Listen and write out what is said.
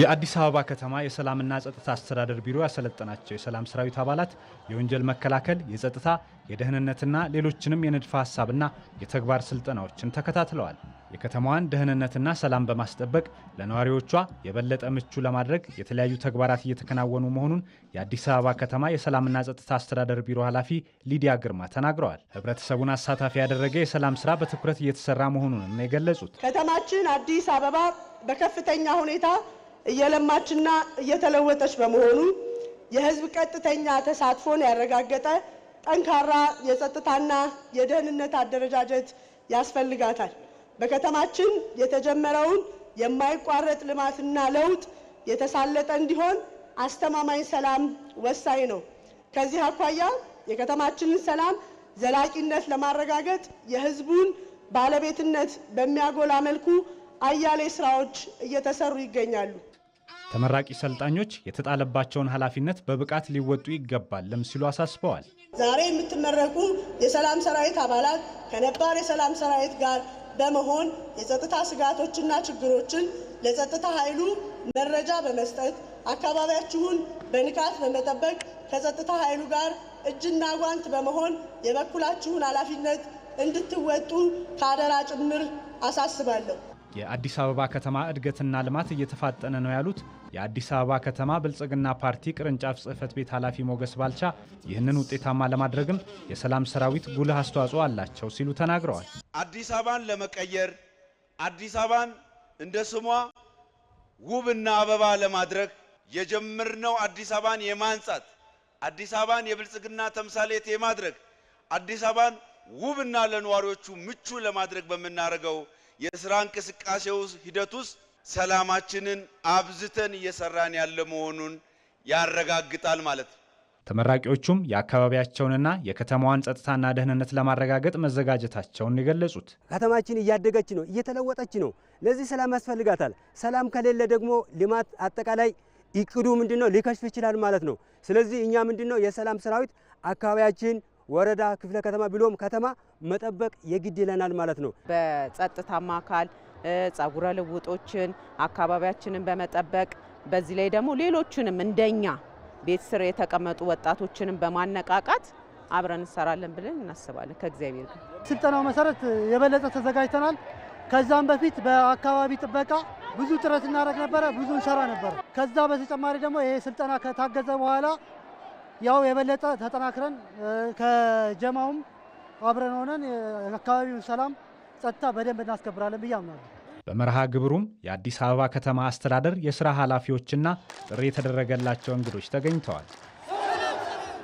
የአዲስ አበባ ከተማ የሰላምና ጸጥታ አስተዳደር ቢሮ ያሰለጠናቸው የሰላም ሰራዊት አባላት የወንጀል መከላከል፣ የጸጥታ፣ የደህንነትና ሌሎችንም የንድፈ ሀሳብና የተግባር ስልጠናዎችን ተከታትለዋል። የከተማዋን ደህንነትና ሰላም በማስጠበቅ ለነዋሪዎቿ የበለጠ ምቹ ለማድረግ የተለያዩ ተግባራት እየተከናወኑ መሆኑን የአዲስ አበባ ከተማ የሰላምና ጸጥታ አስተዳደር ቢሮ ኃላፊ ሊዲያ ግርማ ተናግረዋል። ህብረተሰቡን አሳታፊ ያደረገ የሰላም ስራ በትኩረት እየተሰራ መሆኑንም የገለጹት ከተማችን አዲስ አበባ በከፍተኛ ሁኔታ እየለማችና እየተለወጠች በመሆኑ የህዝብ ቀጥተኛ ተሳትፎን ያረጋገጠ ጠንካራ የጸጥታና የደህንነት አደረጃጀት ያስፈልጋታል። በከተማችን የተጀመረውን የማይቋረጥ ልማትና ለውጥ የተሳለጠ እንዲሆን አስተማማኝ ሰላም ወሳኝ ነው። ከዚህ አኳያ የከተማችንን ሰላም ዘላቂነት ለማረጋገጥ የህዝቡን ባለቤትነት በሚያጎላ መልኩ አያሌ ስራዎች እየተሰሩ ይገኛሉ። ተመራቂ ሰልጣኞች የተጣለባቸውን ኃላፊነት በብቃት ሊወጡ ይገባልም ሲሉ አሳስበዋል። ዛሬ የምትመረቁ የሰላም ሰራዊት አባላት ከነባር የሰላም ሰራዊት ጋር በመሆን የጸጥታ ስጋቶችና ችግሮችን ለጸጥታ ኃይሉ መረጃ በመስጠት አካባቢያችሁን በንቃት በመጠበቅ ከጸጥታ ኃይሉ ጋር እጅና ጓንት በመሆን የበኩላችሁን ኃላፊነት እንድትወጡ ከአደራ ጭምር አሳስባለሁ። የአዲስ አበባ ከተማ እድገትና ልማት እየተፋጠነ ነው ያሉት የአዲስ አበባ ከተማ ብልጽግና ፓርቲ ቅርንጫፍ ጽህፈት ቤት ኃላፊ ሞገስ ባልቻ ይህንን ውጤታማ ለማድረግም የሰላም ሰራዊት ጉልህ አስተዋጽኦ አላቸው ሲሉ ተናግረዋል። አዲስ አበባን ለመቀየር አዲስ አበባን እንደ ስሟ ውብና አበባ ለማድረግ የጀመርነው አዲስ አበባን የማንጻት አዲስ አበባን የብልጽግና ተምሳሌት የማድረግ አዲስ አበባን ውብና ለነዋሪዎቹ ምቹ ለማድረግ በምናደርገው የስራ እንቅስቃሴው ሂደት ውስጥ ሰላማችንን አብዝተን እየሰራን ያለ መሆኑን ያረጋግጣል ማለት ነው። ተመራቂዎቹም የአካባቢያቸውንና የከተማዋን ጸጥታና ደህንነት ለማረጋገጥ መዘጋጀታቸውን የገለጹት ከተማችን እያደገች ነው፣ እየተለወጠች ነው። ለዚህ ሰላም ያስፈልጋታል። ሰላም ከሌለ ደግሞ ልማት አጠቃላይ እቅዱ ምንድን ነው ሊከሽፍ ይችላል ማለት ነው። ስለዚህ እኛ ምንድን ነው የሰላም ሰራዊት አካባቢያችን ወረዳ፣ ክፍለ ከተማ ብሎም ከተማ መጠበቅ የግድ ይለናል ማለት ነው። በጸጥታማ አካል ጸጉረ ልውጦችን አካባቢያችንን በመጠበቅ በዚህ ላይ ደግሞ ሌሎችንም እንደኛ ቤት ስር የተቀመጡ ወጣቶችንም በማነቃቃት አብረን እንሰራለን ብለን እናስባለን። ከእግዚአብሔር ጋር ስልጠናው መሰረት የበለጠ ተዘጋጅተናል። ከዛም በፊት በአካባቢ ጥበቃ ብዙ ጥረት እናደርግ ነበረ፣ ብዙ እንሰራ ነበረ። ከዛ በተጨማሪ ደግሞ ይሄ ስልጠና ከታገዘ በኋላ ያው የበለጠ ተጠናክረን ከጀማውም አብረን ሆነን አካባቢውን ሰላም፣ ጸጥታ በደንብ እናስከብራለን ብዬ አምናለሁ። በመርሃ ግብሩም የአዲስ አበባ ከተማ አስተዳደር የስራ ኃላፊዎችና ጥሪ የተደረገላቸው እንግዶች ተገኝተዋል።